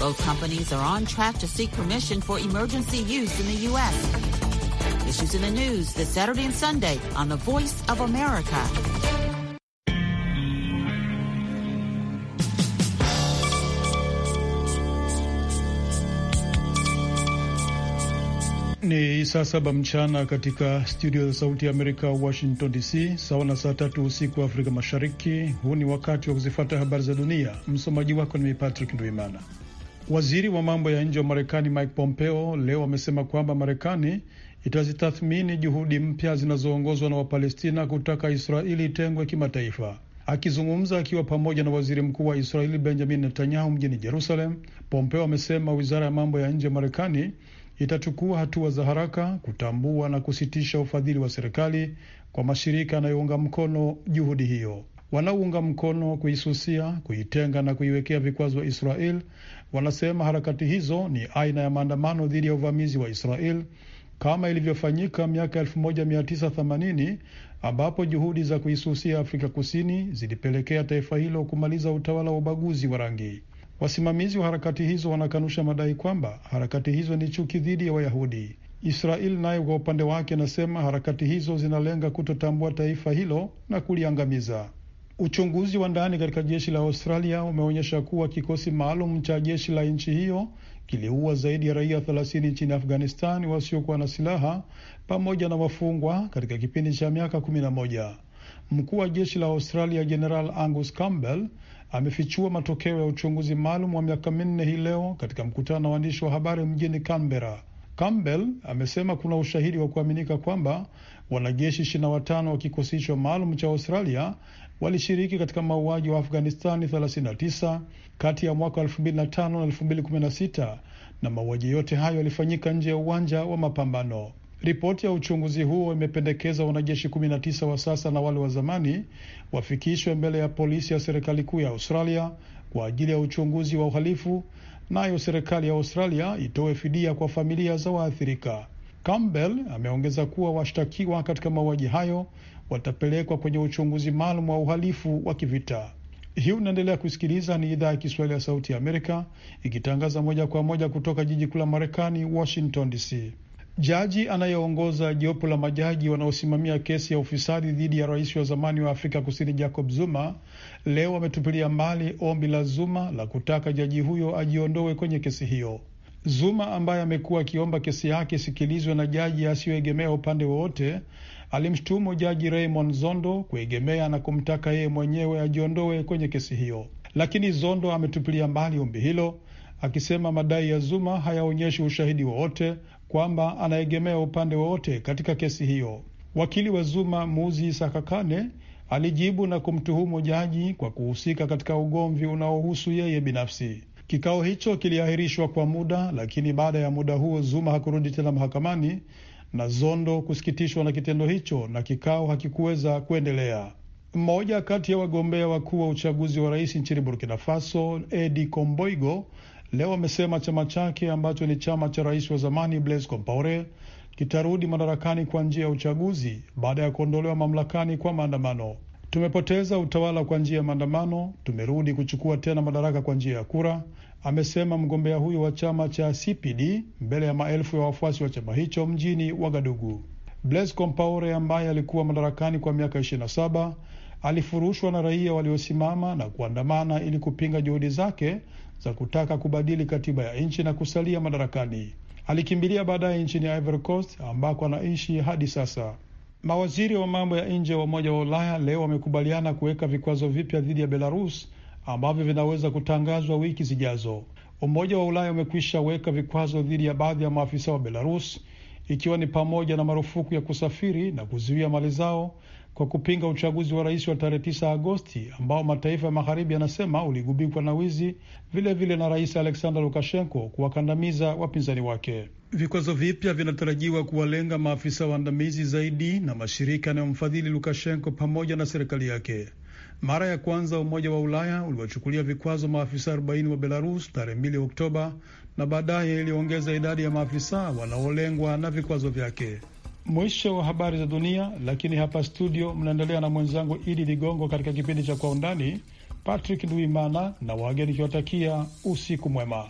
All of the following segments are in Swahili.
Both companies are on track to seek permission for emergency use in the U.S. Issues in the news this Saturday and Sunday on The Voice of America. Ni saa saba mchana katika studio za Sauti ya Amerika, Washington DC, sawa na saa tatu usiku wa Afrika Mashariki. Huu ni wakati wa kuzifata habari za dunia. Msomaji wako ni mimi Patrick nduimana Waziri wa mambo ya nje wa Marekani Mike Pompeo leo amesema kwamba Marekani itazitathmini juhudi mpya zinazoongozwa na Wapalestina kutaka Israeli itengwe kimataifa. Akizungumza akiwa pamoja na waziri mkuu wa Israeli Benjamin Netanyahu mjini Jerusalem, Pompeo amesema wizara ya mambo ya nje ya Marekani itachukua hatua za haraka kutambua na kusitisha ufadhili wa serikali kwa mashirika yanayounga mkono juhudi hiyo. Wanaounga mkono kuisusia, kuitenga na kuiwekea vikwazo Israel wanasema harakati hizo ni aina ya maandamano dhidi ya uvamizi wa Israel kama ilivyofanyika miaka 1980 ambapo juhudi za kuisusia Afrika Kusini zilipelekea taifa hilo kumaliza utawala wa ubaguzi wa rangi. Wasimamizi wa harakati hizo wanakanusha madai kwamba harakati hizo ni chuki dhidi ya Wayahudi. Israel nayo kwa upande wake inasema harakati hizo zinalenga kutotambua taifa hilo na kuliangamiza. Uchunguzi wa ndani katika jeshi la Australia umeonyesha kuwa kikosi maalum cha jeshi la nchi hiyo kiliua zaidi ya raia 30 nchini Afghanistan wasiokuwa na silaha pamoja na wafungwa katika kipindi cha miaka 11. Mkuu wa jeshi la Australia General Angus Campbell amefichua matokeo ya uchunguzi maalum wa miaka minne hii leo katika mkutano na waandishi wa habari mjini Canberra. Campbell amesema kuna ushahidi wa kuaminika kwamba wanajeshi ishirini na watano wa kikosi hicho maalum cha Australia walishiriki katika mauaji wa Afghanistani 39 kati ya mwaka 2005 na 2016 na mauaji yote hayo yalifanyika nje ya uwanja wa mapambano. Ripoti ya uchunguzi huo imependekeza wanajeshi 19 wa sasa na wale wa zamani wafikishwe mbele ya polisi ya serikali kuu ya Australia kwa ajili ya uchunguzi wa uhalifu, nayo serikali ya Australia itoe fidia kwa familia za waathirika. Campbell ameongeza kuwa washtakiwa katika mauaji hayo watapelekwa kwenye uchunguzi maalum wa uhalifu wa kivita. Hii unaendelea kusikiliza, ni idhaa ya Kiswahili ya Sauti ya Amerika ikitangaza moja kwa moja kutoka jiji kuu la Marekani, Washington DC. Jaji anayeongoza jopo la majaji wanaosimamia kesi ya ufisadi dhidi ya rais wa zamani wa Afrika Kusini Jacob Zuma leo ametupilia mbali ombi la Zuma la kutaka jaji huyo ajiondoe kwenye kesi hiyo. Zuma ambaye amekuwa akiomba kesi yake isikilizwe na jaji asiyoegemea upande wowote, alimshutumu jaji Raymond Zondo kuegemea na kumtaka yeye mwenyewe ajiondoe kwenye kesi hiyo, lakini Zondo ametupilia mbali ombi hilo akisema madai ya Zuma hayaonyeshi ushahidi wowote kwamba anaegemea upande wowote katika kesi hiyo. Wakili wa Zuma Muzi Sakakane alijibu na kumtuhumu jaji kwa kuhusika katika ugomvi unaohusu yeye binafsi. Kikao hicho kiliahirishwa kwa muda, lakini baada ya muda huo Zuma hakurudi tena mahakamani, na Zondo kusikitishwa na kitendo hicho na kikao hakikuweza kuendelea. Mmoja kati ya wagombea wakuu wa uchaguzi wa rais nchini Burkina Faso, Edi Komboigo, leo amesema chama chake ambacho ni chama cha rais wa zamani Blaise Compaore kitarudi madarakani kwa njia ya uchaguzi baada ya kuondolewa mamlakani kwa maandamano. Tumepoteza utawala kwa njia ya maandamano, tumerudi kuchukua tena madaraka kwa njia ya kura, amesema mgombea huyo wa chama cha CPD mbele ya maelfu ya wafuasi wa chama hicho mjini Wagadugu. Blaise Compaore ambaye alikuwa madarakani kwa miaka 27 alifurushwa na raia waliosimama na kuandamana ili kupinga juhudi zake za kutaka kubadili katiba ya nchi na kusalia madarakani. Alikimbilia baadaye nchini Ivory Coast ambako anaishi hadi sasa. Mawaziri wa mambo ya nje wa Umoja wa Ulaya leo wamekubaliana kuweka vikwazo vipya dhidi ya Belarus ambavyo vinaweza kutangazwa wiki zijazo. Umoja wa Ulaya umekwisha weka vikwazo dhidi ya baadhi ya maafisa wa Belarus ikiwa ni pamoja na marufuku ya kusafiri na kuzuia mali zao kwa kupinga uchaguzi wa rais wa tarehe 9 Agosti ambao mataifa ya magharibi yanasema uligubikwa na wizi, vilevile vile na rais Alexander Lukashenko kuwakandamiza wapinzani wake. Vikwazo vipya vinatarajiwa kuwalenga maafisa waandamizi zaidi na mashirika yanayomfadhili Lukashenko pamoja na serikali yake. Mara ya kwanza Umoja wa Ulaya uliwachukulia vikwazo maafisa 40 wa Belarus tarehe 2 Oktoba na baadaye iliongeza idadi ya maafisa wanaolengwa na vikwazo vyake. Mwisho wa habari za dunia, lakini hapa studio mnaendelea na mwenzangu Idi Ligongo katika kipindi cha Kwa Undani. Patrick Nduimana na wageni kiwatakia usiku mwema.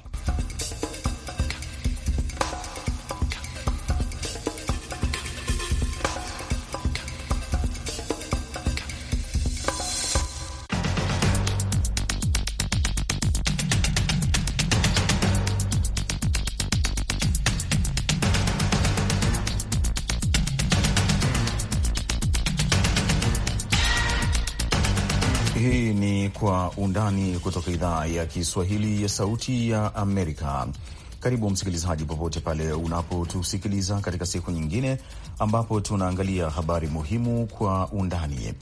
undani kutoka idhaa ya Kiswahili ya Sauti ya Amerika. Karibu msikilizaji, popote pale unapotusikiliza katika siku nyingine ambapo tunaangalia habari muhimu kwa undani.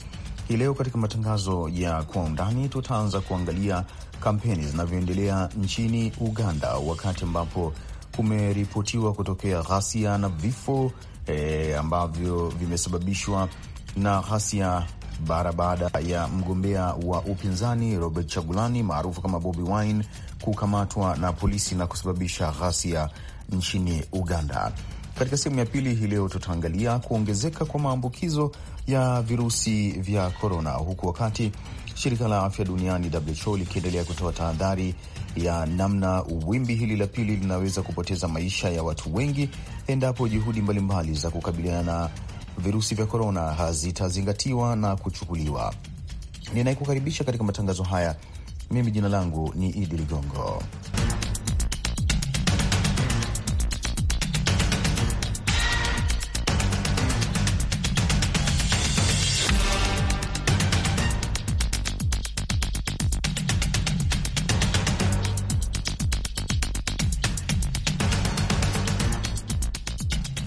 Hii leo katika matangazo ya kwa undani tutaanza kuangalia kampeni zinavyoendelea nchini Uganda, wakati ambapo kumeripotiwa kutokea ghasia na vifo e, ambavyo vimesababishwa na ghasia bara baada ya mgombea wa upinzani Robert Chagulani maarufu kama Bobi Wine kukamatwa na polisi na kusababisha ghasia nchini Uganda. Katika sehemu ya pili hii leo tutaangalia kuongezeka kwa maambukizo ya virusi vya korona, huku wakati shirika la afya duniani WHO likiendelea kutoa tahadhari ya namna wimbi hili la pili linaweza kupoteza maisha ya watu wengi endapo juhudi mbalimbali za kukabiliana na virusi vya korona hazitazingatiwa na kuchukuliwa. Ninayekukaribisha katika matangazo haya mimi, jina langu ni Idi Ligongo.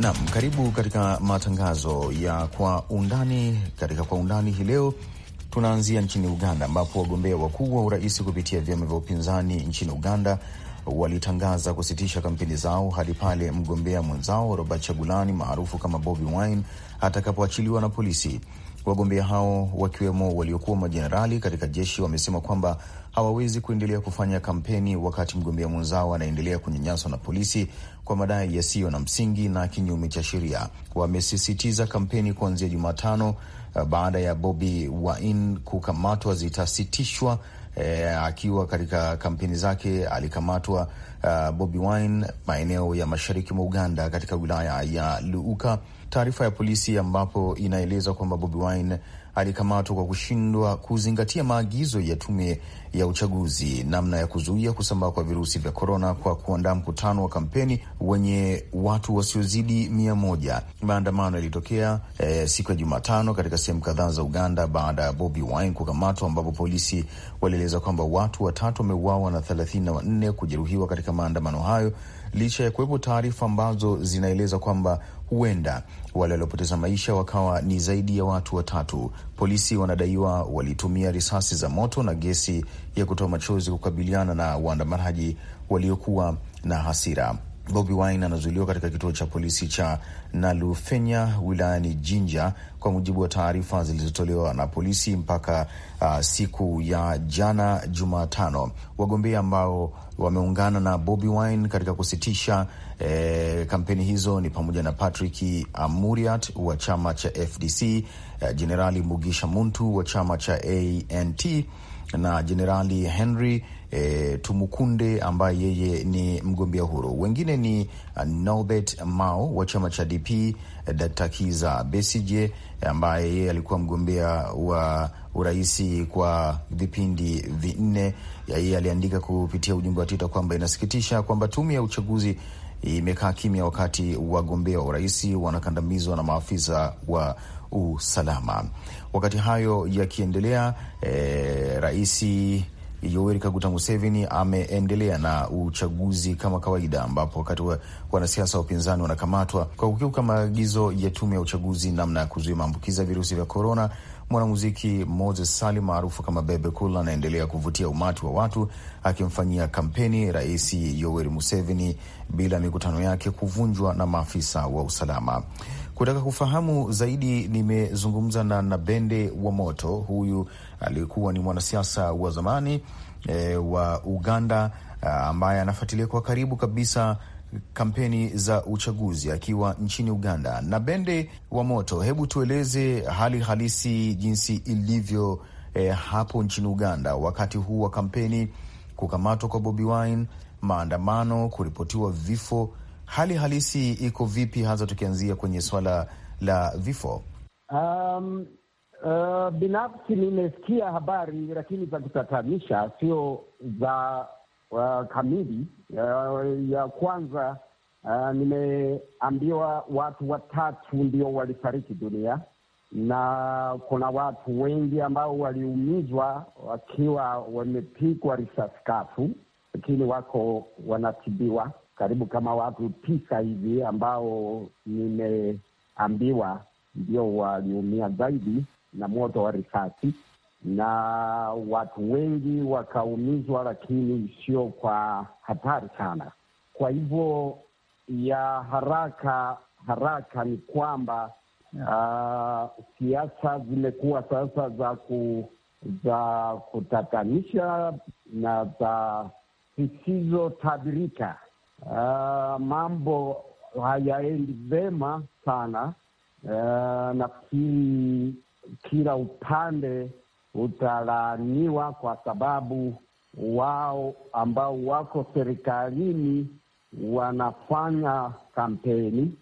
Naam, karibu katika matangazo ya kwa undani. Katika kwa undani hii leo tunaanzia nchini Uganda, ambapo wagombea wakuu wa urais kupitia vyama vya upinzani nchini Uganda walitangaza kusitisha kampeni zao hadi pale mgombea mwenzao Robert Chagulani maarufu kama Bobi Wine atakapoachiliwa na polisi. Wagombea hao wakiwemo waliokuwa majenerali katika jeshi wamesema kwamba hawawezi kuendelea kufanya kampeni wakati mgombea mwenzao anaendelea kunyanyaswa na polisi kwa madai yasiyo na msingi na kinyume cha sheria. Wamesisitiza kampeni kuanzia Jumatano eh, baada ya Bobi Wine kukamatwa zitasitishwa. E, akiwa katika kampeni zake alikamatwa uh, Bobi Wine maeneo ya mashariki mwa Uganda katika wilaya ya Luuka. Taarifa ya polisi ambapo inaeleza kwamba Bobi Wine alikamatwa kwa kushindwa kuzingatia maagizo ya tume ya uchaguzi namna ya kuzuia kusambaa kwa virusi vya korona kwa kuandaa mkutano wa kampeni wenye watu wasiozidi mia moja. Maandamano yalitokea e, siku ya Jumatano katika sehemu kadhaa za Uganda baada ya Bobi Wine kukamatwa, ambapo polisi walieleza kwamba watu watatu wameuawa na thelathini na wanne kujeruhiwa katika maandamano hayo licha ya kuwepo taarifa ambazo zinaeleza kwamba huenda wale waliopoteza maisha wakawa ni zaidi ya watu watatu. Polisi wanadaiwa walitumia risasi za moto na gesi ya kutoa machozi kukabiliana na waandamanaji waliokuwa na hasira. Bobi Wine anazuiliwa katika kituo cha polisi cha Nalufenya wilayani Jinja, kwa mujibu wa taarifa zilizotolewa na polisi mpaka uh, siku ya jana Jumatano. Wagombea ambao wameungana na Bobi Wine katika kusitisha eh, kampeni hizo ni pamoja na Patrick Amuriat wa chama cha FDC, eh, jenerali eh, Mugisha Muntu wa chama cha ANT na Jenerali Henry e, Tumukunde ambaye yeye ni mgombea huru. Wengine ni uh, Norbert Mao wa chama cha DP, uh, Dkt. Kiza Besije ambaye yeye alikuwa mgombea wa uraisi kwa vipindi vinne. Yeye aliandika kupitia ujumbe wa Twitter kwamba inasikitisha kwamba tume ya uchaguzi imekaa kimya wakati wagombea wa urais wanakandamizwa na maafisa wa usalama. Wakati hayo yakiendelea, e, rais Yoweri Kaguta Museveni ameendelea na uchaguzi kama kawaida, ambapo wakati wa wanasiasa wa upinzani wanakamatwa kwa kukiuka maagizo ya tume ya uchaguzi namna ya kuzuia maambukizi ya virusi vya korona, mwanamuziki Moses Sali maarufu kama Bebe Cool anaendelea kuvutia umati wa watu akimfanyia kampeni Rais Yoweri Museveni bila mikutano yake kuvunjwa na maafisa wa usalama. Kutaka kufahamu zaidi, nimezungumza na Nabende wa Moto. Huyu aliyekuwa ni mwanasiasa wa zamani e, wa Uganda eh, ambaye anafuatilia kwa karibu kabisa kampeni za uchaguzi akiwa nchini Uganda. Nabende wa Moto, hebu tueleze hali halisi jinsi ilivyo e, hapo nchini Uganda wakati huu wa kampeni, kukamatwa kwa Bobi Wine, maandamano, kuripotiwa vifo hali halisi iko vipi, hasa tukianzia kwenye swala la vifo? Um, uh, binafsi nimesikia habari lakini za kutatanisha, sio za uh, kamili. Uh, ya kwanza uh, nimeambiwa watu watatu ndio walifariki dunia na kuna watu wengi ambao waliumizwa wakiwa wamepigwa risasi kafu, lakini wako wanatibiwa karibu kama watu tisa hivi ambao nimeambiwa ndio waliumia zaidi na moto wa risasi, na watu wengi wakaumizwa, lakini sio kwa hatari sana. Kwa hivyo ya haraka haraka ni kwamba uh, siasa zimekuwa sasa za ku, za kutatanisha na za zisizotabirika uh, mambo hayaendi vema sana. Uh, nafikiri kila upande utalaaniwa kwa sababu wao ambao wako serikalini wanafanya kampeni,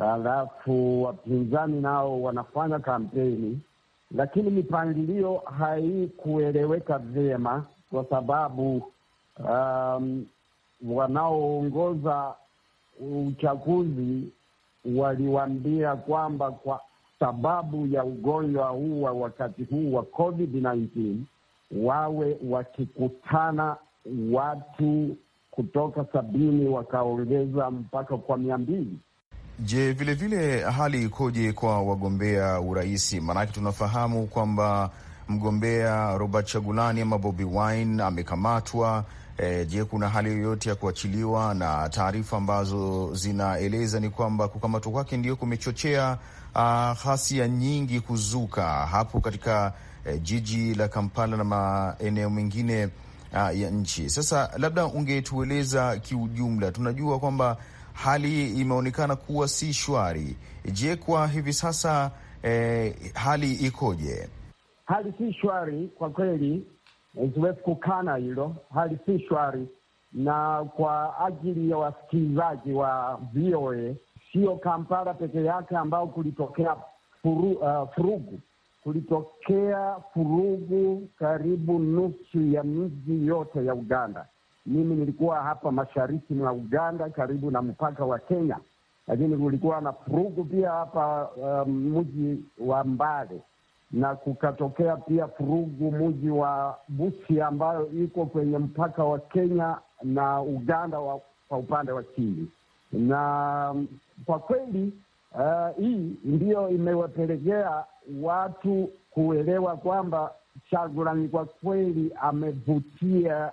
alafu wapinzani nao wanafanya kampeni, lakini mipangilio haikueleweka vyema kwa sababu um, wanaoongoza uchaguzi waliwaambia kwamba kwa sababu ya ugonjwa huu wa wakati huu wa COVID-19 wawe wakikutana watu kutoka sabini wakaongeza mpaka kwa mia mbili. Je, vilevile hali ikoje kwa wagombea urahisi Maanake tunafahamu kwamba mgombea Robert Chagulani ama Bobi Wine amekamatwa E, je, kuna hali yoyote ya kuachiliwa? Na taarifa ambazo zinaeleza ni kwamba kukamatwa kwake ndio kumechochea ah, ghasia nyingi kuzuka hapo katika e, jiji la Kampala na maeneo mengine ah, ya nchi. Sasa labda ungetueleza kiujumla, tunajua kwamba hali imeonekana kuwa si shwari. Je, kwa hivi sasa eh, hali ikoje? Hali si shwari kwa kweli, haziwezi kukana hilo, hali si shwari. Na kwa ajili ya wasikilizaji wa VOA, sio Kampala peke yake ambao kulitokea furu, uh, furugu kulitokea furugu karibu nusu ya miji yote ya Uganda. Mimi nilikuwa hapa mashariki mwa Uganda karibu na mpaka wa Kenya, lakini kulikuwa na furugu pia hapa uh, mji wa Mbale na kukatokea pia furugu muji wa Busia ambayo iko kwenye mpaka wa Kenya na Uganda wa, kwa upande wa Chini. Na mm, kwa kweli uh, hii ndiyo imewapelekea watu kuelewa kwamba Chagurani kwa kweli amevutia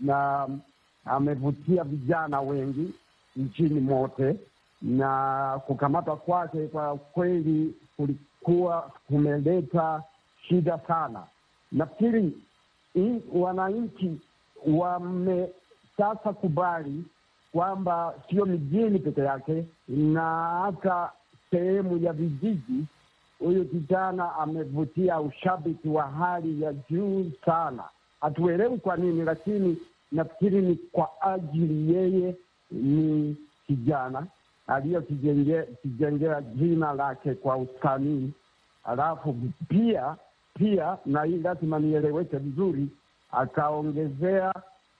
na mm, amevutia vijana wengi nchini mote, na kukamatwa kwake kwa kweli kuwa kumeleta shida sana. Nafikiri wananchi wame sasa kubali kwamba sio mijini peke yake, na hata sehemu ya vijiji. Huyu kijana amevutia ushabiki wa hali ya juu sana, hatuelewi kwa nini, lakini nafikiri ni kwa ajili yeye ni kijana aliyokijengea jina lake kwa usanii. Alafu pia pia, na hii lazima nieleweke vizuri, akaongezea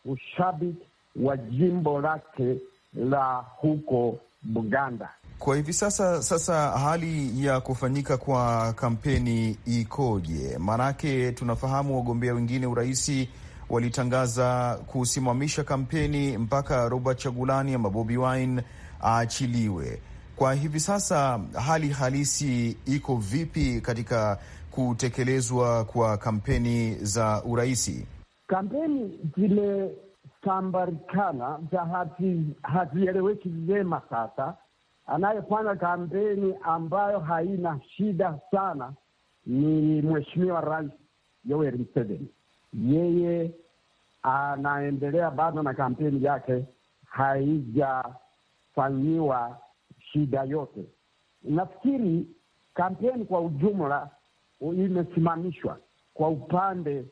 ushabiki wa jimbo lake la huko Buganda. Kwa hivi sasa, sasa hali ya kufanyika kwa kampeni ikoje? Maanake tunafahamu wagombea wengine uraisi walitangaza kusimamisha kampeni mpaka Robert Chagulani ama Bobi Wine aachiliwe. Kwa hivi sasa hali halisi iko vipi katika kutekelezwa kwa kampeni za uraisi? Kampeni zimesambarikana za hazieleweki vyema. Sasa anayefanya kampeni ambayo haina shida sana ni mheshimiwa Rais Yoweri Museveni. Yeye anaendelea bado na kampeni yake haija kufanyiwa shida yote. Nafikiri kampeni kwa ujumla imesimamishwa kwa upande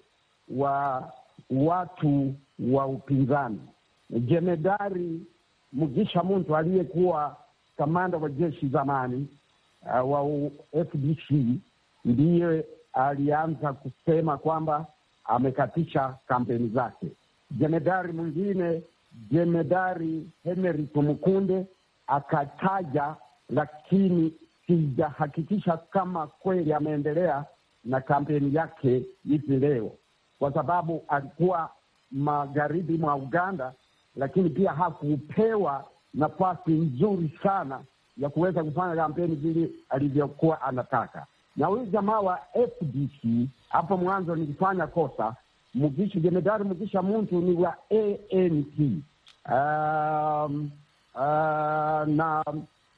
wa watu wa upinzani. Jemedari Mugisha Muntu aliyekuwa kamanda wa jeshi zamani uh, wa FDC ndiye alianza kusema kwamba amekatisha kampeni zake. Jemedari mwingine jemedari Henry Tumukunde akataja, lakini sijahakikisha kama kweli ameendelea na kampeni yake hivi leo, kwa sababu alikuwa magharibi mwa Uganda, lakini pia hakupewa nafasi nzuri sana ya kuweza kufanya kampeni vile alivyokuwa anataka. Na huyu jamaa wa FDC, hapo mwanzo nilifanya kosa Mugisha Jemedari Mugisha Muntu ni wa ANP um, uh, na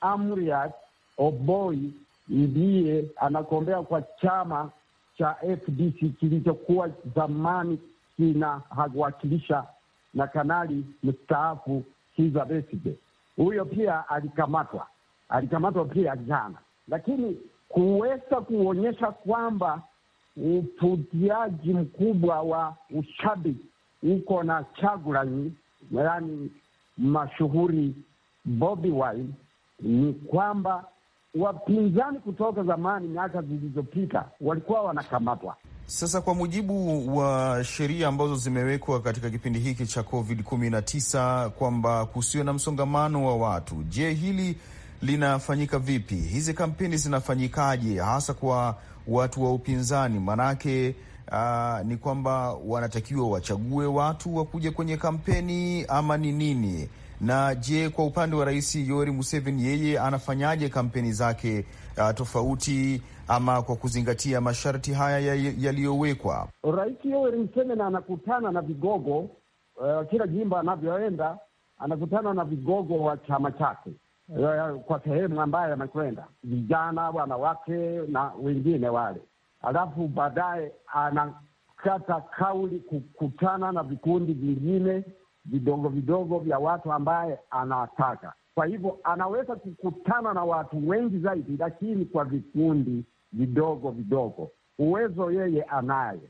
Amuriat Oboi ndiye anagombea kwa chama cha FDC kilichokuwa zamani kina hawakilisha na kanali mstaafu Kizza Besigye. Huyo pia alikamatwa, alikamatwa pia jana, lakini kuweza kuonyesha kwamba uputiaji mkubwa wa ushabiki uko na chagurai, yaani mashuhuri Bobi Wine, ni kwamba wapinzani kutoka zamani, miaka zilizopita, walikuwa wanakamatwa. Sasa kwa mujibu wa sheria ambazo zimewekwa katika kipindi hiki cha Covid 19 kwamba kusiwe na msongamano wa watu, je, hili linafanyika vipi? Hizi kampeni zinafanyikaje hasa kwa watu wa upinzani manake Uh, ni kwamba wanatakiwa wachague watu wakuja kwenye kampeni ama ni nini? Na je, kwa upande wa Rais Yoweri Museveni yeye anafanyaje kampeni zake uh, tofauti ama kwa kuzingatia masharti haya yaliyowekwa? Ya Rais Yoweri Museveni anakutana na vigogo uh, kila jimba anavyoenda anakutana na vigogo wa chama chake kwa sehemu ambayo amekwenda, vijana, wanawake na wengine wale, alafu baadaye anakata kauli kukutana na vikundi vingine vidogo vidogo vya watu ambaye anataka. Kwa hivyo anaweza kukutana na watu wengi zaidi, lakini kwa vikundi vidogo vidogo. Uwezo yeye anaye,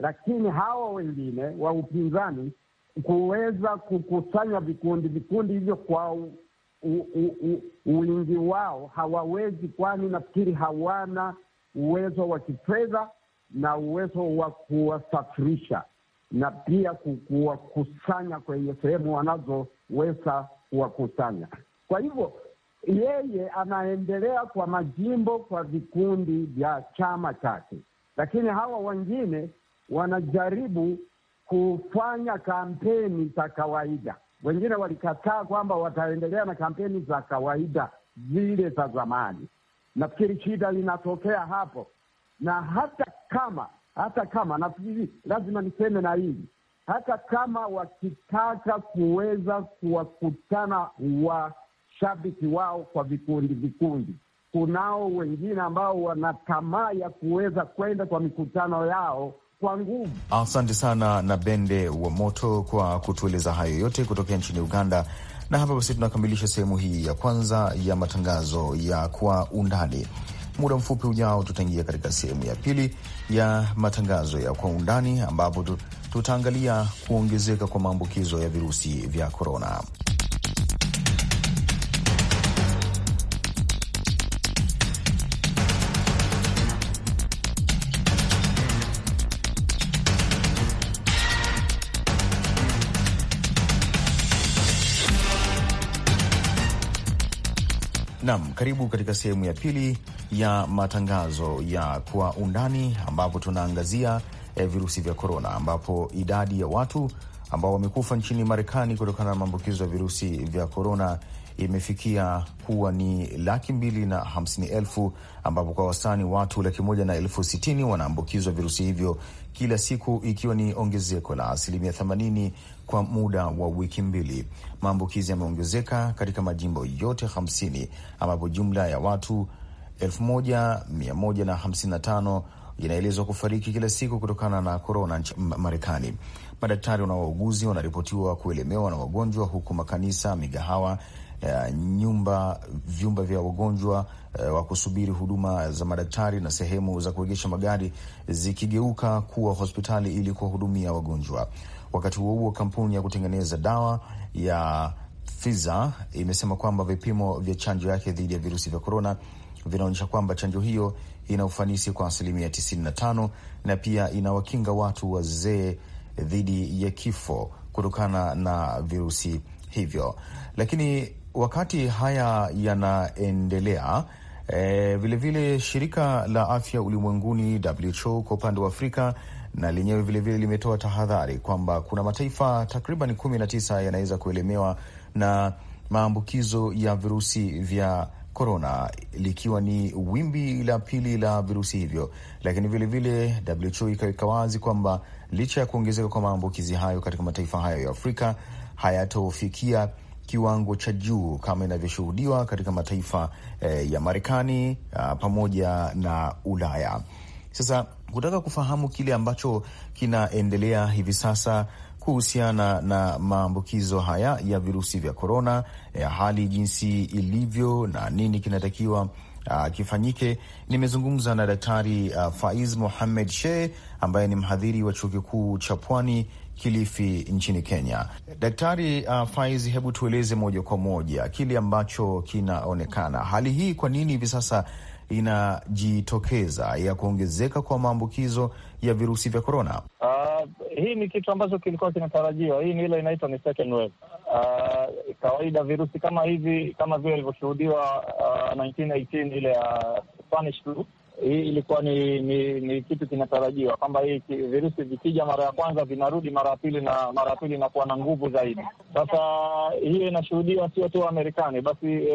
lakini hawa wengine wa upinzani kuweza kukusanya vikundi vikundi hivyo kwa wingi wao hawawezi, kwani nafikiri hawana uwezo wa kifedha na uwezo wa kuwasafirisha na pia kuwakusanya kwenye sehemu wanazoweza kuwakusanya. Kwa hivyo yeye anaendelea kwa majimbo, kwa vikundi vya chama chake, lakini hawa wengine wanajaribu kufanya kampeni za kawaida. Wengine walikataa kwamba wataendelea na kampeni za kawaida zile za zamani. Nafikiri shida linatokea hapo, na hata kama hata kama nafikiri lazima niseme na hili, hata kama wakitaka kuweza kuwakutana washabiki wao kwa vikundi vikundi, kunao wengine ambao wana tamaa ya kuweza kwenda kwa mikutano yao kwa nguvu. Asante sana na Bende wa Moto kwa kutueleza hayo yote kutokea nchini Uganda. Na hapa basi tunakamilisha sehemu hii ya kwanza ya matangazo ya Kwa Undani. Muda mfupi ujao, tutaingia katika sehemu ya pili ya matangazo ya Kwa Undani, ambapo tutaangalia kuongezeka kwa maambukizo ya virusi vya korona. Nam, karibu katika sehemu ya pili ya matangazo ya kwa undani ambapo tunaangazia eh, virusi vya korona, ambapo idadi ya watu ambao wamekufa nchini Marekani kutokana na maambukizo ya virusi vya korona imefikia kuwa ni laki mbili na hamsini elfu ambapo kwa wastani watu laki moja na elfu sitini wanaambukizwa virusi hivyo kila siku, ikiwa ni ongezeko la asilimia themanini kwa muda wa wiki mbili. Maambukizi yameongezeka katika majimbo yote 50 ambapo jumla ya watu 1155 inaelezwa kufariki kila siku kutokana na korona Marekani. Madaktari na wauguzi wanaripotiwa kuelemewa na wagonjwa, huku makanisa, migahawa, uh, nyumba, vyumba vya wagonjwa uh, wa kusubiri huduma za madaktari na sehemu za kuegesha magari zikigeuka kuwa hospitali ili kuwahudumia wagonjwa. Wakati huo huo, kampuni ya kutengeneza dawa ya Pfizer imesema kwamba vipimo vya chanjo yake dhidi ya virusi vya korona vinaonyesha kwamba chanjo hiyo ina ufanisi kwa asilimia 95 na pia inawakinga watu wazee dhidi ya kifo kutokana na virusi hivyo. Lakini wakati haya yanaendelea, vilevile eh, vile shirika la afya ulimwenguni WHO kwa upande wa Afrika na lenyewe vilevile limetoa tahadhari kwamba kuna mataifa takriban kumi na tisa yanaweza kuelemewa na maambukizo ya virusi vya korona likiwa ni wimbi la pili la virusi hivyo. Lakini vilevile WHO ikaweka wazi kwamba licha ya kuongezeka kwa maambukizi hayo katika mataifa hayo ya Afrika hayatofikia kiwango cha juu kama inavyoshuhudiwa katika mataifa eh, ya Marekani ah, pamoja na Ulaya. Sasa kutaka kufahamu kile ambacho kinaendelea hivi sasa kuhusiana na maambukizo haya ya virusi vya korona, ya e, hali jinsi ilivyo na nini kinatakiwa Uh, kifanyike. Nimezungumza na Daktari uh, Faiz muhamed shee ambaye ni mhadhiri wa chuo kikuu cha Pwani Kilifi nchini Kenya. Daktari uh, Faiz, hebu tueleze moja kwa moja kile ambacho kinaonekana, hali hii kwa nini hivi sasa inajitokeza ya kuongezeka kwa maambukizo ya virusi vya korona? Uh, ah, hii ni kitu ambacho kilikuwa kinatarajiwa. Hii ni ile inaitwa ni second wave. Uh, kawaida virusi kama hivi kama vile ilivyoshuhudiwa uh, ah, 1918 ile ya uh, Spanish flu hii ilikuwa ni, ni ni kitu kinatarajiwa kwamba hii virusi vikija mara ya kwanza vinarudi mara ya pili na mara ya pili inakuwa na nguvu zaidi. Sasa hiyo inashuhudiwa sio tu Amerikani basi, eh,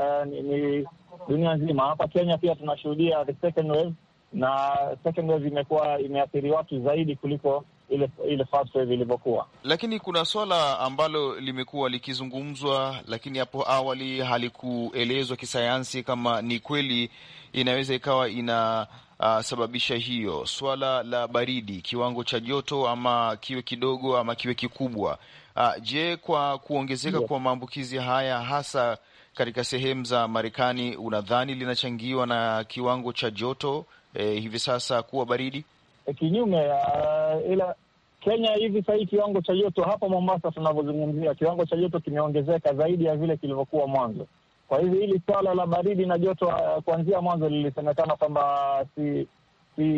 eh, ni, ni dunia nzima. Hapa Kenya pia tunashuhudia the second wave, na second wave imekuwa imeathiri watu zaidi kuliko ile ile first wave ilivyokuwa. Lakini kuna swala ambalo limekuwa likizungumzwa, lakini hapo awali halikuelezwa kisayansi kama ni kweli inaweza ikawa ina Uh, sababisha hiyo swala la baridi, kiwango cha joto, ama kiwe kidogo ama kiwe kikubwa. Uh, je, kwa kuongezeka yeah, kwa maambukizi haya hasa katika sehemu za Marekani unadhani linachangiwa na kiwango cha joto eh, hivi sasa kuwa baridi? Eh, kinyume uh, ila Kenya hivi sahii kiwango cha joto hapa Mombasa tunavyozungumzia, kiwango cha joto kimeongezeka zaidi ya vile kilivyokuwa mwanzo. Kwa hivyo hili swala la baridi na joto uh, kuanzia mwanzo lilisemekana kwamba si, si,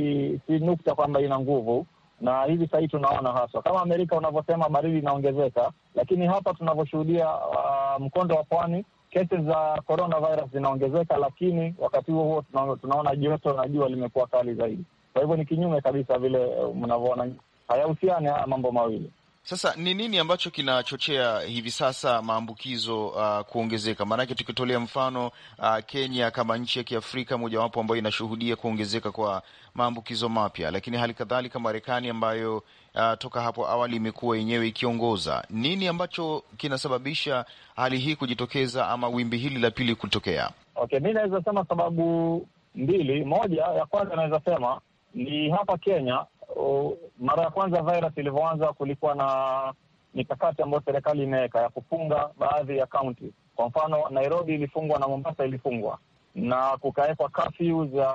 si nukta kwamba ina nguvu, na hivi sahii tunaona haswa kama Amerika unavyosema baridi inaongezeka, lakini hapa tunavyoshuhudia uh, mkondo wa pwani kesi za coronavirus zinaongezeka, lakini wakati huo huo tunaona, tunaona joto na jua limekuwa kali zaidi. Kwa hivyo ni kinyume kabisa vile eh, mnavyoona, hayahusiani haya mambo mawili. Sasa ni nini ambacho kinachochea hivi sasa maambukizo uh, kuongezeka? Maanake tukitolea mfano uh, Kenya kama nchi ya Kiafrika mojawapo ambayo inashuhudia kuongezeka kwa maambukizo mapya, lakini hali kadhalika Marekani ambayo uh, toka hapo awali imekuwa yenyewe ikiongoza. Nini ambacho kinasababisha hali hii kujitokeza ama wimbi hili la pili kutokea? Okay, mi naweza sema sababu mbili. Moja ya kwanza naweza sema ni hapa Kenya. Uh, mara ya kwanza virus ilivyoanza, kulikuwa na mikakati ambayo serikali imeweka ya kufunga baadhi ya kaunti. Kwa mfano, Nairobi ilifungwa na Mombasa ilifungwa na kukawekwa kafyu za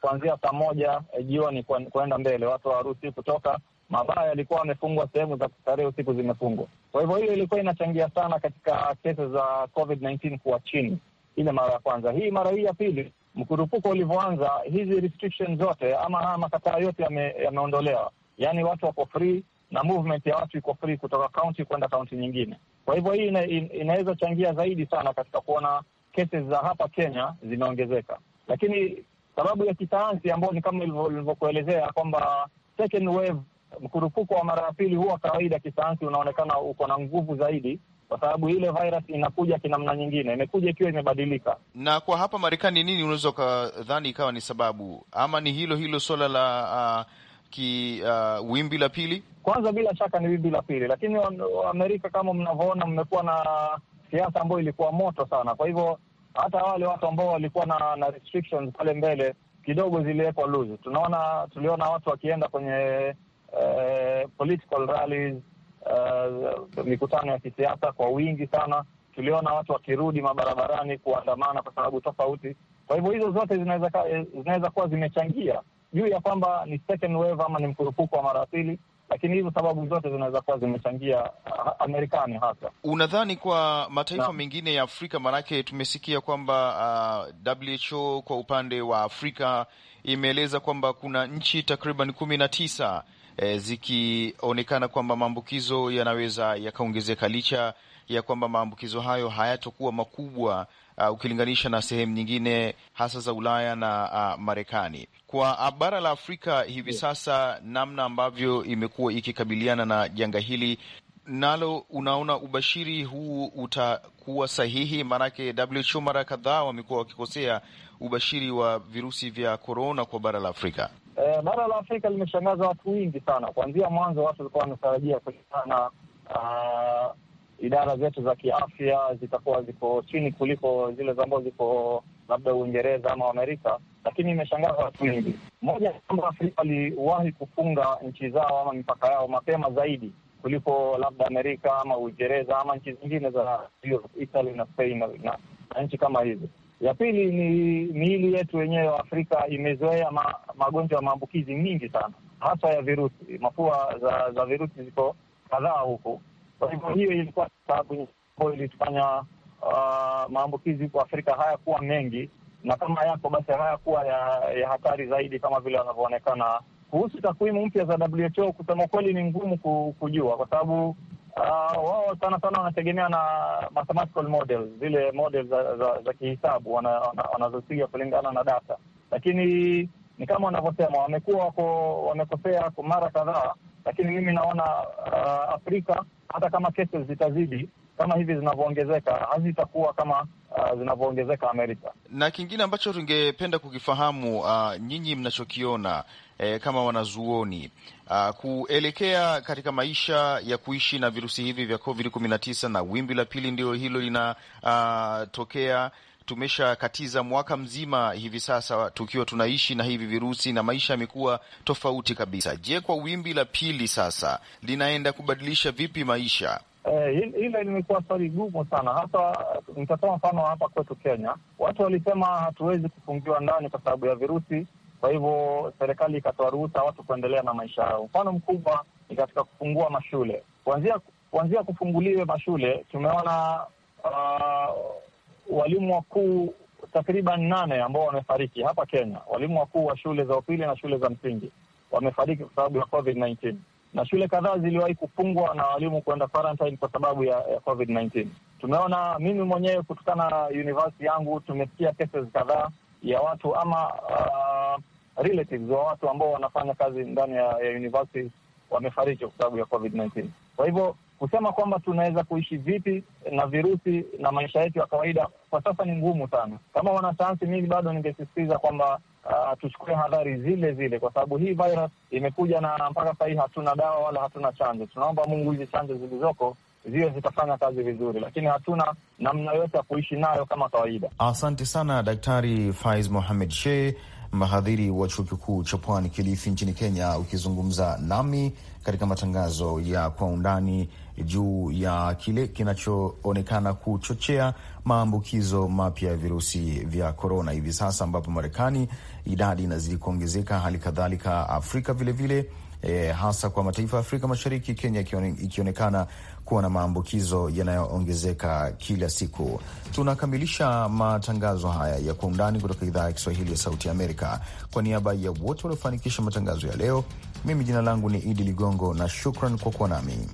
kuanzia saa moja eh, jioni kwenda mbele, watu hawaruhusi kutoka mabaa yalikuwa amefungwa, sehemu za kustarehe usiku zimefungwa. Kwa hivyo hiyo ilikuwa inachangia sana katika kesi za COVID-19 kuwa chini. Ile mara ya kwanza, hii mara hii ya pili, mkurupuko ulivyoanza, hizi restrictions zote ama haya makataa yote yameondolewa, yaani watu wako free na movement ya watu iko free kutoka kaunti kwenda kaunti nyingine. Kwa hivyo hii ina, inaweza changia zaidi sana katika kuona kesi za hapa Kenya zimeongezeka, lakini sababu ya kisayansi ambayo ni kama ilivyokuelezea kwamba second wave mkurupuko wa mara ya pili huwa kawaida kisayansi unaonekana uko na nguvu zaidi, kwa sababu ile virus inakuja kinamna nyingine, imekuja ikiwa imebadilika. Na kwa hapa Marekani, nini unaweza ukadhani ikawa ni sababu, ama ni hilo hilo swala la uh, ki uh, wimbi la pili? Kwanza bila shaka ni wimbi la pili, lakini Amerika kama mnavyoona, mmekuwa na siasa ambayo ilikuwa moto sana. Kwa hivyo hata wale watu ambao walikuwa na, na restrictions pale mbele kidogo ziliwekwa loose. Tunaona tuliona watu wakienda kwenye uh, political rallies, uh, mikutano ya kisiasa kwa wingi sana. Tuliona watu wakirudi mabarabarani kuandamana kwa sababu tofauti. Kwa hivyo hizo zote zinaweza eh, zinaweza kuwa zimechangia juu ya kwamba ni second wave ama ni mkurupuko wa mara pili, lakini hizo sababu zote zinaweza kuwa zimechangia ah, Amerikani hasa. Unadhani kwa mataifa na mengine ya Afrika, maanake tumesikia kwamba uh, ah, WHO kwa upande wa Afrika imeeleza kwamba kuna nchi takriban kumi na tisa e, zikionekana kwamba maambukizo yanaweza yakaongezeka licha ya kwamba maambukizo hayo hayatokuwa makubwa uh, ukilinganisha na sehemu nyingine hasa za Ulaya na uh, Marekani. Kwa bara la Afrika hivi yeah, sasa namna ambavyo imekuwa ikikabiliana na janga hili nalo, unaona ubashiri huu utakuwa sahihi? Maanake WHO mara kadhaa wamekuwa wakikosea ubashiri wa virusi vya korona kwa bara la Afrika. E, bara la Afrika limeshangaza watu wengi sana. Kuanzia mwanzo watu walikuwa wanatarajia kukutana uh, eh, idara zetu za kiafya zitakuwa ziko chini kuliko zile zambao ziko labda Uingereza ama Amerika, lakini imeshangaza watu wengi. Moja ya kwamba Afrika waliwahi kufunga nchi zao ama mipaka yao mapema zaidi kuliko labda Amerika ama Uingereza ama nchi zingine za Italy na Spain na, na nchi kama hizo. Ya pili ni miili yetu wenyewe Afrika imezoea ma, magonjwa ya maambukizi mingi sana, hasa ya virusi. Mafua za, za virusi ziko kadhaa huku, kwa hivyo mm-hmm. hiyo ilikuwa sababu ambayo ilitufanya uh, maambukizi huku Afrika hayakuwa mengi, na kama yako basi hayakuwa ya, ya hatari zaidi kama vile wanavyoonekana. Kuhusu takwimu mpya za WHO, kusema kweli ni ngumu kujua kwa sababu Ah, wao uh, sana sana wanategemea na mathematical model, zile model za, za, za kihisabu wana, kulingana na data, lakini ni kama wanavyosema wamekuwa wako wamekosea mara kadhaa, lakini mimi naona uh, Afrika hata kama kesi zitazidi kama hivi zinavyoongezeka hazitakuwa kama uh, zinavyoongezeka Amerika. Na kingine ambacho tungependa kukifahamu uh, nyinyi mnachokiona eh, kama wanazuoni uh, kuelekea katika maisha ya kuishi na virusi hivi vya Covid 19 na wimbi la pili ndio hilo linatokea uh, tumeshakatiza mwaka mzima hivi sasa tukiwa tunaishi na hivi virusi na maisha yamekuwa tofauti kabisa. Je, kwa wimbi la pili sasa linaenda kubadilisha vipi maisha hilo eh, limekuwa swali gumu sana. hasa nitatoa mfano hapa kwetu Kenya, watu walisema hatuwezi kufungiwa ndani kwa sababu ya virusi, kwa hivyo serikali ikatoa ruhusa watu kuendelea na maisha yao. Mfano mkubwa ni katika kufungua mashule. Kuanzia kuanzia kufunguliwe mashule, tumeona uh, walimu wakuu takriban nane ambao wamefariki hapa Kenya, walimu wakuu wa shule za upili na shule za msingi wamefariki kwa sababu ya COVID-19 na shule kadhaa ziliwahi kufungwa na walimu kwenda quarantine kwa sababu ya, ya COVID-19. Tumeona mimi mwenyewe kutokana na university yangu tumesikia cases kadhaa ya watu ama uh, relatives wa watu ambao wanafanya kazi ndani ya, ya university wamefariki kwa sababu ya COVID-19. Kwa hivyo Kusema kwamba tunaweza kuishi vipi na virusi na maisha yetu ya kawaida kwa sasa ni ngumu sana. Kama wanasayansi, mimi bado ningesisitiza kwamba uh, tuchukue hadhari zile zile, kwa sababu hii virus imekuja na mpaka sahii hatuna dawa wala hatuna chanjo. Tunaomba Mungu hizi chanjo zilizoko ziwe zitafanya kazi vizuri, lakini hatuna namna yote ya kuishi nayo kama kawaida. Asante sana Daktari Faiz Mohamed Sheh mhadhiri wa chuo kikuu cha Pwani Kilifi nchini Kenya, ukizungumza nami katika matangazo ya Kwa Undani juu ya kile kinachoonekana kuchochea maambukizo mapya ya virusi vya korona hivi sasa, ambapo Marekani idadi inazidi kuongezeka, hali kadhalika Afrika vilevile vile. Eh, e, hasa kwa mataifa ya Afrika Mashariki, Kenya ikione, ikionekana kuwa na maambukizo yanayoongezeka kila siku. Tunakamilisha matangazo haya ya Kwa Undani kutoka idhaa ya Kiswahili ya Sauti ya Amerika. Kwa niaba ya wote waliofanikisha matangazo ya leo, mimi jina langu ni Idi Ligongo na shukran kwa kuwa nami.